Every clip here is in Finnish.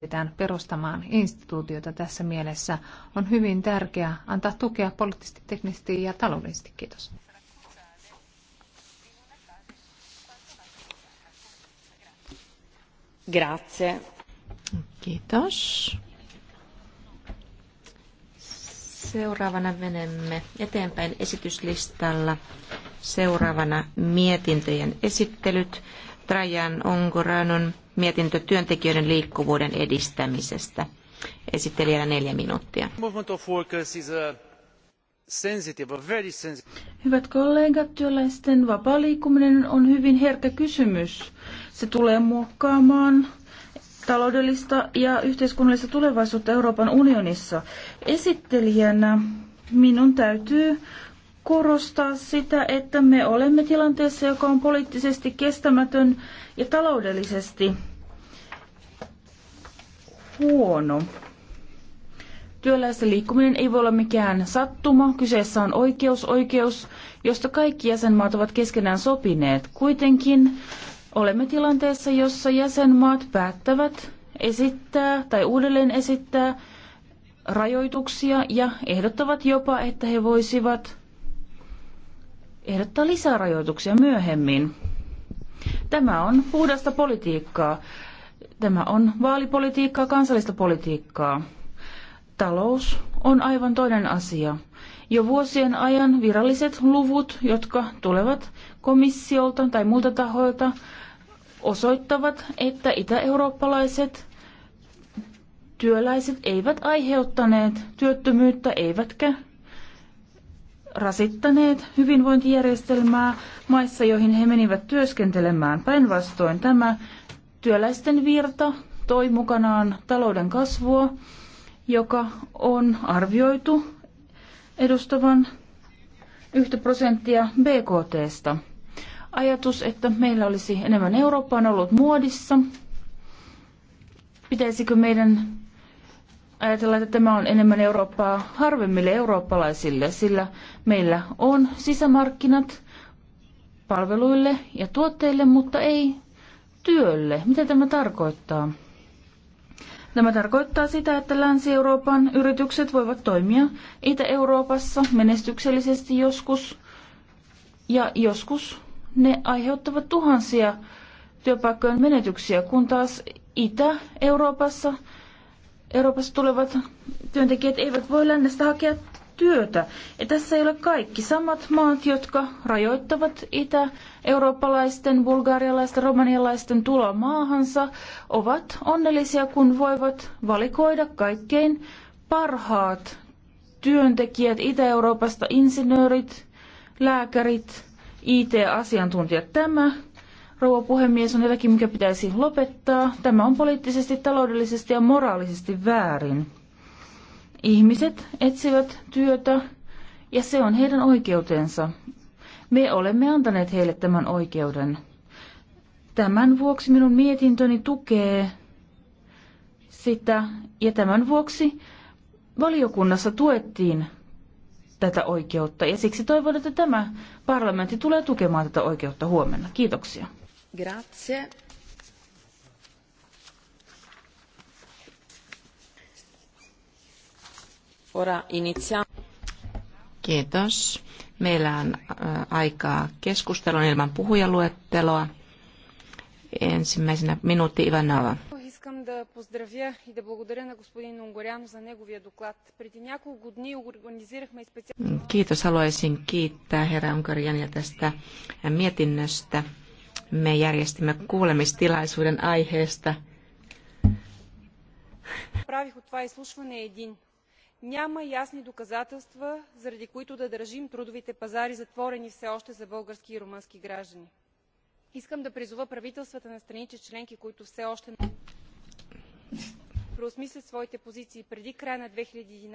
pyritään perustamaan instituutioita tässä mielessä, on hyvin tärkeää antaa tukea poliittisesti, teknisesti ja taloudellisesti. Kiitos. Grazie. Kiitos. Seuraavana menemme eteenpäin esityslistalla. Seuraavana mietintöjen esittelyt. Trajan Ongoranon mietintö työntekijöiden liikkuvuuden edistämisestä. Esittelijänä neljä minuuttia. Hyvät kollegat, työläisten vapaa liikkuminen on hyvin herkkä kysymys. Se tulee muokkaamaan taloudellista ja yhteiskunnallista tulevaisuutta Euroopan unionissa. Esittelijänä minun täytyy korostaa sitä, että me olemme tilanteessa, joka on poliittisesti kestämätön ja taloudellisesti huono. Työläisten liikkuminen ei voi olla mikään sattuma. Kyseessä on oikeus, oikeus, josta kaikki jäsenmaat ovat keskenään sopineet. Kuitenkin olemme tilanteessa, jossa jäsenmaat päättävät esittää tai uudelleen esittää rajoituksia ja ehdottavat jopa, että he voisivat ehdottaa lisää rajoituksia myöhemmin. Tämä on puhdasta politiikkaa. Tämä on vaalipolitiikkaa, kansallista politiikkaa. Talous on aivan toinen asia. Jo vuosien ajan viralliset luvut, jotka tulevat komissiolta tai muilta tahoilta, osoittavat, että itä-eurooppalaiset työläiset eivät aiheuttaneet työttömyyttä eivätkä rasittaneet hyvinvointijärjestelmää maissa, joihin he menivät työskentelemään. Päinvastoin tämä työläisten virta toi mukanaan talouden kasvua, joka on arvioitu edustavan yhtä prosenttia BKTstä. Ajatus, että meillä olisi enemmän Eurooppaan ollut muodissa. Pitäisikö meidän ajatellaan, että tämä on enemmän Eurooppaa harvemmille eurooppalaisille, sillä meillä on sisämarkkinat palveluille ja tuotteille, mutta ei työlle. Mitä tämä tarkoittaa? Tämä tarkoittaa sitä, että Länsi-Euroopan yritykset voivat toimia Itä-Euroopassa menestyksellisesti joskus, ja joskus ne aiheuttavat tuhansia työpaikkojen menetyksiä, kun taas Itä-Euroopassa – Euroopasta tulevat työntekijät eivät voi lännestä hakea työtä. Ja tässä ei ole kaikki. Samat maat, jotka rajoittavat itä-eurooppalaisten, bulgarialaisten, romanialaisten tuloa maahansa, ovat onnellisia, kun voivat valikoida kaikkein parhaat työntekijät Itä-Euroopasta, insinöörit, lääkärit, IT-asiantuntijat. Tämä rouva puhemies, on jotakin, mikä pitäisi lopettaa. Tämä on poliittisesti, taloudellisesti ja moraalisesti väärin. Ihmiset etsivät työtä ja se on heidän oikeutensa. Me olemme antaneet heille tämän oikeuden. Tämän vuoksi minun mietintöni tukee sitä ja tämän vuoksi valiokunnassa tuettiin tätä oikeutta ja siksi toivon, että tämä parlamentti tulee tukemaan tätä oikeutta huomenna. Kiitoksia. Kiitos. Meillä on äh, aikaa keskustelun ilman puhujaluetteloa. Ensimmäisenä minuutti Ivanova. Искам да поздравя и да благодаря на господин Унгорян за неговия доклад. Преди няколко дни организирахме специално... Kiitos. Haluaisin kiittää herra Unkariania tästä mietinnöstä me järjestimme kuulemistilaisuuden aiheesta. Правих от това изслушване един. Няма ясни доказателства, заради които да държим трудовите пазари затворени все още за български и румънски граждани. Искам да призова правителствата на страните членки, които все още преосмислят своите позиции преди края на 2011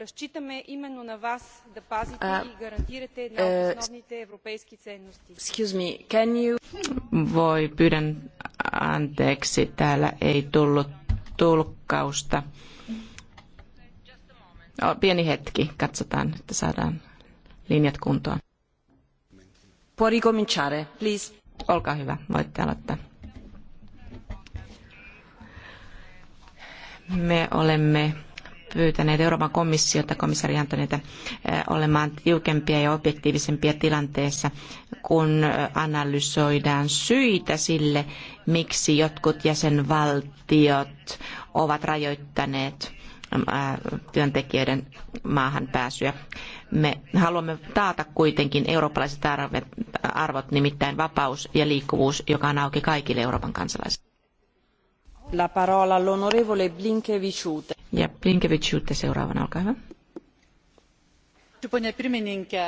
Разчитаме именно на вас да пазите и гарантирате една от основните европейски ценности. Voi pyydän anteeksi, täällä ei tullut tulkkausta. O, Pieni hetki, katsotaan, että saadaan linjat kuntoon. Può ricominciare, please. Olkaa hyvä, voitte aloittaa. Me olemme pyytäneet Euroopan komissiota, komissari Antonita, eh, olemaan tiukempia ja objektiivisempia tilanteessa, kun eh, analysoidaan syitä sille, miksi jotkut jäsenvaltiot ovat rajoittaneet eh, työntekijöiden maahan pääsyä. Me haluamme taata kuitenkin eurooppalaiset arvot, nimittäin vapaus ja liikkuvuus, joka on auki kaikille Euroopan kansalaisille la parola all'onorevole Blinkevičiūtė. Ja Blinkevičiūtė seuraavana, olkaa hyvä. Pone pirmininkė,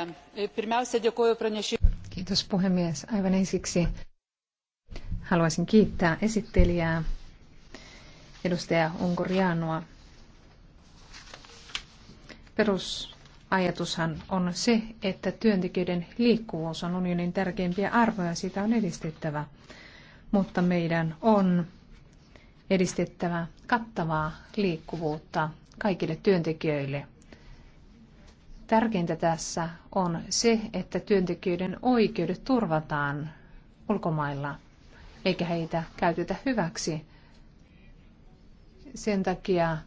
pirmiausia dėkoju pranešėjai. Kiitos puhemies. Aivan ensiksi haluaisin kiittää esittelijää edustaja Unkorianoa. Perusajatushan on se, että työntekijöiden liikkuvuus on unionin tärkeimpiä arvoja, sitä on edistettävä. Mutta meidän on edistettävä kattavaa liikkuvuutta kaikille työntekijöille. Tärkeintä tässä on se, että työntekijöiden oikeudet turvataan ulkomailla, eikä heitä käytetä hyväksi. Sen takia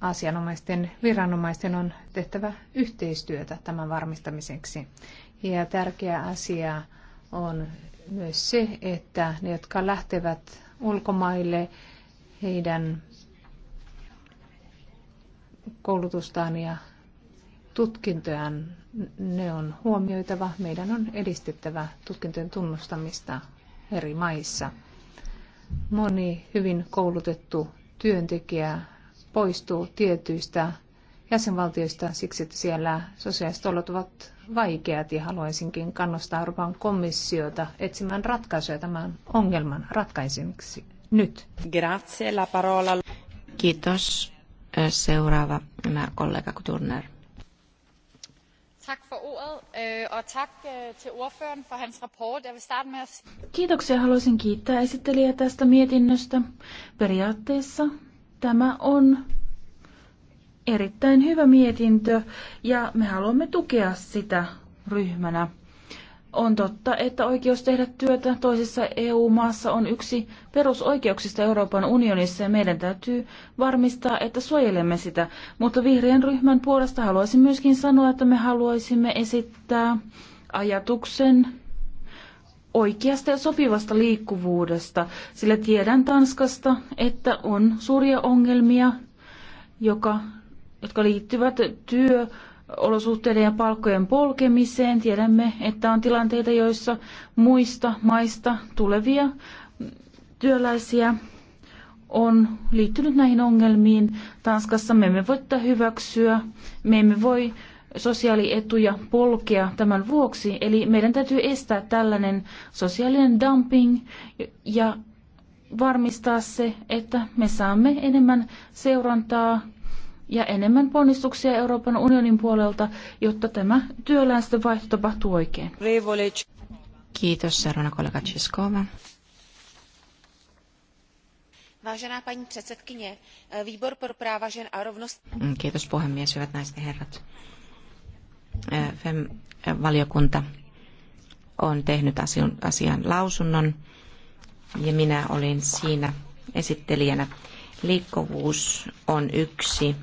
asianomaisten viranomaisten on tehtävä yhteistyötä tämän varmistamiseksi. Ja tärkeä asia on myös se, että ne, jotka lähtevät ulkomaille heidän koulutustaan ja tutkintojaan. Ne on huomioitava. Meidän on edistettävä tutkintojen tunnustamista eri maissa. Moni hyvin koulutettu työntekijä poistuu tietyistä jäsenvaltioista siksi, että siellä sosiaaliset olot ovat vaikeat ja haluaisinkin kannustaa Euroopan komissiota etsimään ratkaisuja tämän ongelman ratkaisemiseksi nyt. Grazie, la parola. Kiitos. Seuraava nämä kollega Turner. Kiitoksia. Haluaisin kiittää esittelijää tästä mietinnöstä. Periaatteessa tämä on erittäin hyvä mietintö ja me haluamme tukea sitä ryhmänä. On totta, että oikeus tehdä työtä toisessa EU-maassa on yksi perusoikeuksista Euroopan unionissa ja meidän täytyy varmistaa, että suojelemme sitä. Mutta vihreän ryhmän puolesta haluaisin myöskin sanoa, että me haluaisimme esittää ajatuksen oikeasta ja sopivasta liikkuvuudesta, sillä tiedän Tanskasta, että on suuria ongelmia, joka jotka liittyvät työolosuhteiden ja palkkojen polkemiseen. Tiedämme, että on tilanteita, joissa muista maista tulevia työläisiä on liittynyt näihin ongelmiin. Tanskassa me emme voi tätä hyväksyä, me emme voi sosiaalietuja polkea tämän vuoksi. Eli meidän täytyy estää tällainen sosiaalinen dumping ja varmistaa se, että me saamme enemmän seurantaa ja enemmän ponnistuksia Euroopan unionin puolelta, jotta tämä työläisten vaihto tapahtuu oikein. Kiitos, seuraavana kollega Čiskova. Vážená paní předsedkyně, výbor pro práva žen a rovnost... Mm, kiitos puhemies, hyvät naiset ja herrat. Eh, FEM-valiokunta eh, on tehnyt asian, asian lausunnon ja minä olin siinä esittelijänä liikkuvuus on yksi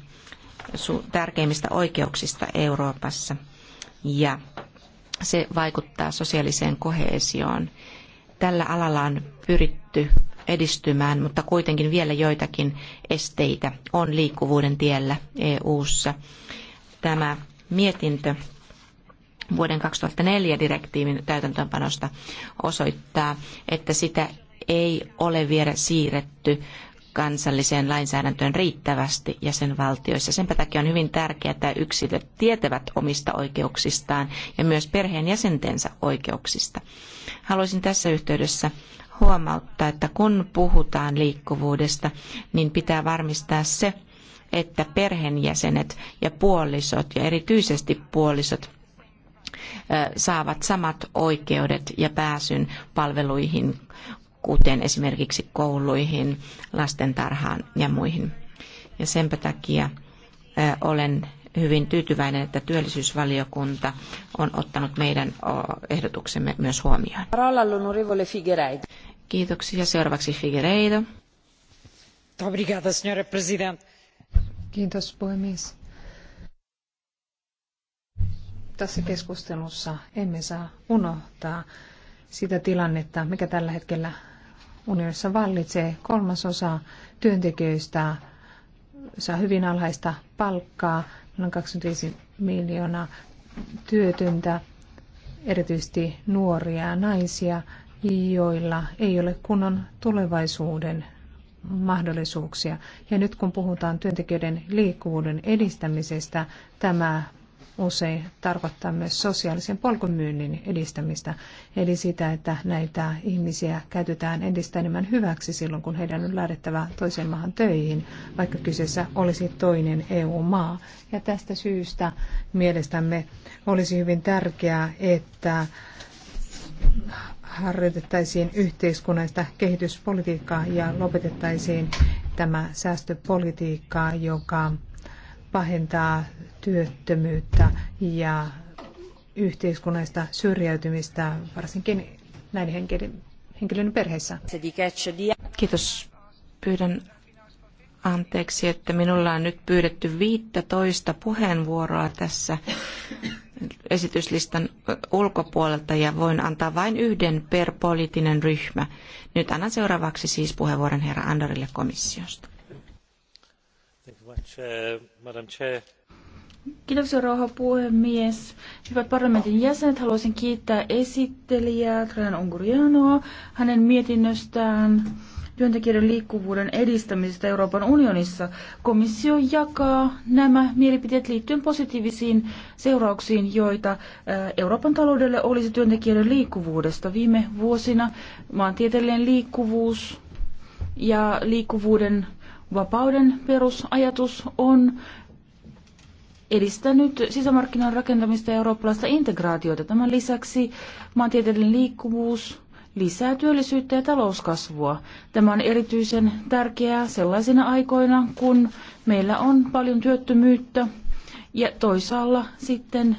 tärkeimmistä oikeuksista Euroopassa ja se vaikuttaa sosiaaliseen koheesioon. Tällä alalla on pyritty edistymään, mutta kuitenkin vielä joitakin esteitä on liikkuvuuden tiellä EU:ssa. Tämä mietintö vuoden 2004 direktiivin täytäntöönpanosta osoittaa, että sitä ei ole vielä siirretty kansalliseen lainsäädäntöön riittävästi jäsenvaltioissa. Sen takia on hyvin tärkeää, että yksilöt tietävät omista oikeuksistaan ja myös perheen jäsentensä oikeuksista. Haluaisin tässä yhteydessä huomauttaa, että kun puhutaan liikkuvuudesta, niin pitää varmistaa se, että perheenjäsenet ja puolisot ja erityisesti puolisot saavat samat oikeudet ja pääsyn palveluihin kuten esimerkiksi kouluihin, lastentarhaan ja muihin. Ja senpä takia olen hyvin tyytyväinen, että työllisyysvaliokunta on ottanut meidän ehdotuksemme myös huomioon. Kiitoksia. Seuraavaksi Figueiredo. Kiitos puhemies. Tässä keskustelussa emme saa unohtaa sitä tilannetta, mikä tällä hetkellä unionissa vallitsee. Kolmasosa työntekijöistä saa hyvin alhaista palkkaa, noin 25 miljoonaa työtöntä, erityisesti nuoria ja naisia, joilla ei ole kunnon tulevaisuuden mahdollisuuksia. Ja nyt kun puhutaan työntekijöiden liikkuvuuden edistämisestä, tämä usein tarkoittaa myös sosiaalisen polkumyynnin edistämistä, eli sitä, että näitä ihmisiä käytetään entistä enemmän hyväksi silloin, kun heidän on lähdettävä toiseen maahan töihin, vaikka kyseessä olisi toinen EU-maa. Ja tästä syystä mielestämme olisi hyvin tärkeää, että harjoitettaisiin yhteiskunnallista kehityspolitiikkaa ja lopetettaisiin tämä säästöpolitiikka, joka pahentaa työttömyyttä ja yhteiskunnallista syrjäytymistä, varsinkin näiden henkilöiden perheissä. Kiitos. Pyydän anteeksi, että minulla on nyt pyydetty 15 puheenvuoroa tässä esityslistan ulkopuolelta ja voin antaa vain yhden per poliittinen ryhmä. Nyt annan seuraavaksi siis puheenvuoron herra Andorille komissiosta. Thank you much, uh, Madam Chair. Kiitoksia rouha puhemies. Hyvät parlamentin jäsenet, haluaisin kiittää esittelijää Tran Ungurianoa hänen mietinnöstään työntekijöiden liikkuvuuden edistämisestä Euroopan unionissa. Komissio jakaa nämä mielipiteet liittyen positiivisiin seurauksiin, joita äh, Euroopan taloudelle olisi työntekijöiden liikkuvuudesta. Viime vuosina maantieteellinen liikkuvuus ja liikkuvuuden vapauden perusajatus on edistänyt sisämarkkinan rakentamista ja eurooppalaista integraatiota. Tämän lisäksi maantieteellinen liikkuvuus lisää työllisyyttä ja talouskasvua. Tämä on erityisen tärkeää sellaisina aikoina, kun meillä on paljon työttömyyttä ja toisaalla sitten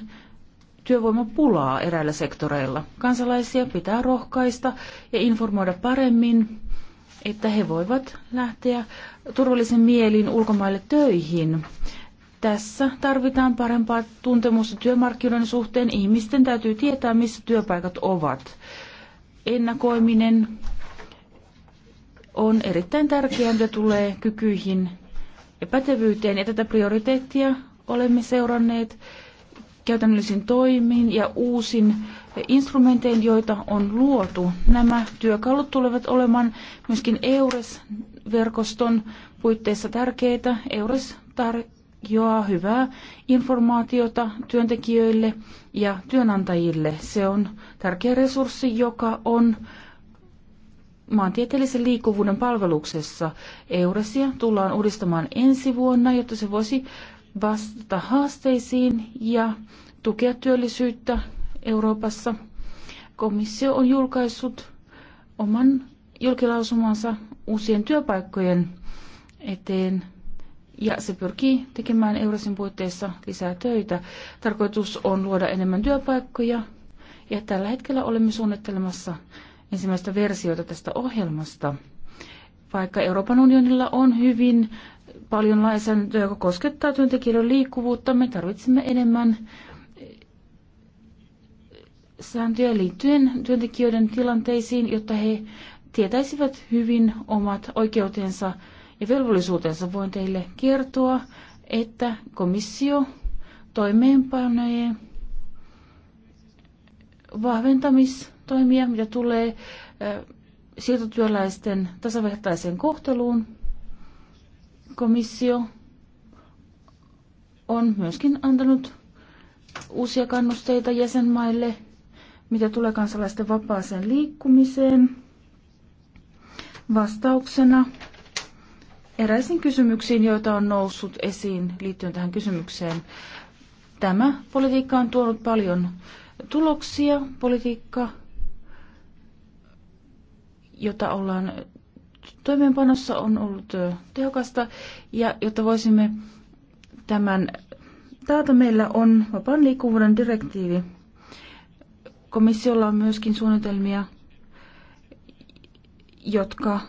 työvoimapulaa eräillä sektoreilla. Kansalaisia pitää rohkaista ja informoida paremmin, että he voivat lähteä turvallisen mielin ulkomaille töihin tässä tarvitaan parempaa tuntemusta työmarkkinoiden suhteen. Ihmisten täytyy tietää, missä työpaikat ovat. Ennakoiminen on erittäin tärkeää, mitä tulee kykyihin ja pätevyyteen. Ja tätä prioriteettia olemme seuranneet käytännöllisin toimin ja uusin instrumentein, joita on luotu. Nämä työkalut tulevat olemaan myöskin EURES-verkoston puitteissa tärkeitä. EURES tar- joa hyvää informaatiota työntekijöille ja työnantajille. Se on tärkeä resurssi, joka on maantieteellisen liikkuvuuden palveluksessa. Euresia tullaan uudistamaan ensi vuonna, jotta se voisi vastata haasteisiin ja tukea työllisyyttä Euroopassa. Komissio on julkaissut oman julkilausumansa uusien työpaikkojen eteen ja se pyrkii tekemään Eurasin puitteissa lisää töitä. Tarkoitus on luoda enemmän työpaikkoja ja tällä hetkellä olemme suunnittelemassa ensimmäistä versiota tästä ohjelmasta. Vaikka Euroopan unionilla on hyvin paljon lainsäädäntöä, joka koskettaa työntekijöiden liikkuvuutta, me tarvitsemme enemmän eh, sääntöjä liittyen työntekijöiden tilanteisiin, jotta he tietäisivät hyvin omat oikeutensa ja velvollisuutensa voin teille kertoa, että komissio toimeenpanee vahventamistoimia, mitä tulee siirtotyöläisten tasavertaiseen kohteluun. Komissio on myöskin antanut uusia kannusteita jäsenmaille, mitä tulee kansalaisten vapaaseen liikkumiseen. Vastauksena eräisiin kysymyksiin, joita on noussut esiin liittyen tähän kysymykseen. Tämä politiikka on tuonut paljon tuloksia, politiikka, jota ollaan toimeenpanossa on ollut tehokasta ja jotta voisimme tämän taata meillä on vapaan liikkuvuuden direktiivi. Komissiolla on myöskin suunnitelmia, jotka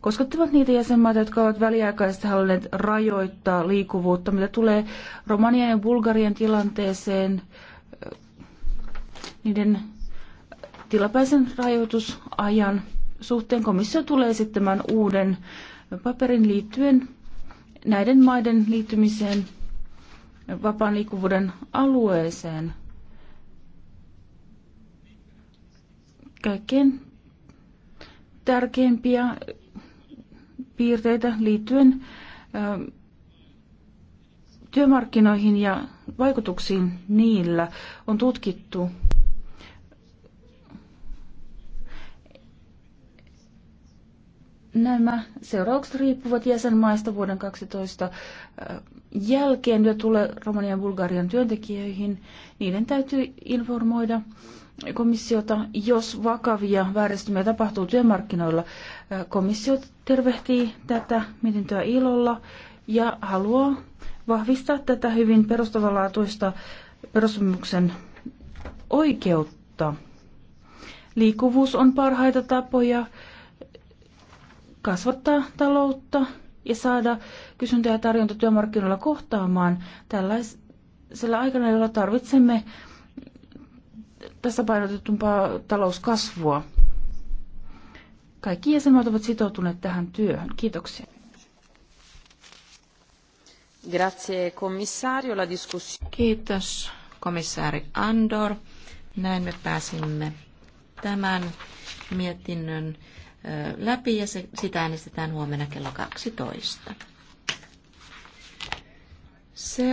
koskettavat niitä jäsenmaita, jotka ovat väliaikaisesti halunneet rajoittaa liikkuvuutta, mitä tulee Romanian ja Bulgarian tilanteeseen, eh, niiden tilapäisen rajoitusajan suhteen komissio tulee esittämään uuden paperin liittyen näiden maiden liittymiseen vapaan liikkuvuuden alueeseen. Kaikkein tärkeimpiä piirteitä liittyen työmarkkinoihin ja vaikutuksiin niillä on tutkittu Nämä seuraukset riippuvat jäsenmaista vuoden 12 äh, jälkeen, ja tulee Romanian ja Bulgarian työntekijöihin. Niiden täytyy informoida komissiota, jos vakavia vääristymiä tapahtuu työmarkkinoilla. Äh, komissio tervehtii tätä mietintöä ilolla ja haluaa vahvistaa tätä hyvin perustavanlaatuista perussopimuksen oikeutta. Liikkuvuus on parhaita tapoja kasvattaa taloutta ja saada kysyntä ja tarjonta työmarkkinoilla kohtaamaan tällaisella aikana, jolla tarvitsemme tässä painotetumpaa talouskasvua. Kaikki jäsenmaat ovat sitoutuneet tähän työhön. Kiitoksia. Grazie, Commissario, La discussione. Kiitos, komissaari Andor. Näin me pääsimme tämän mietinnön läpi ja se, sitä äänestetään huomenna kello 12. Seuraava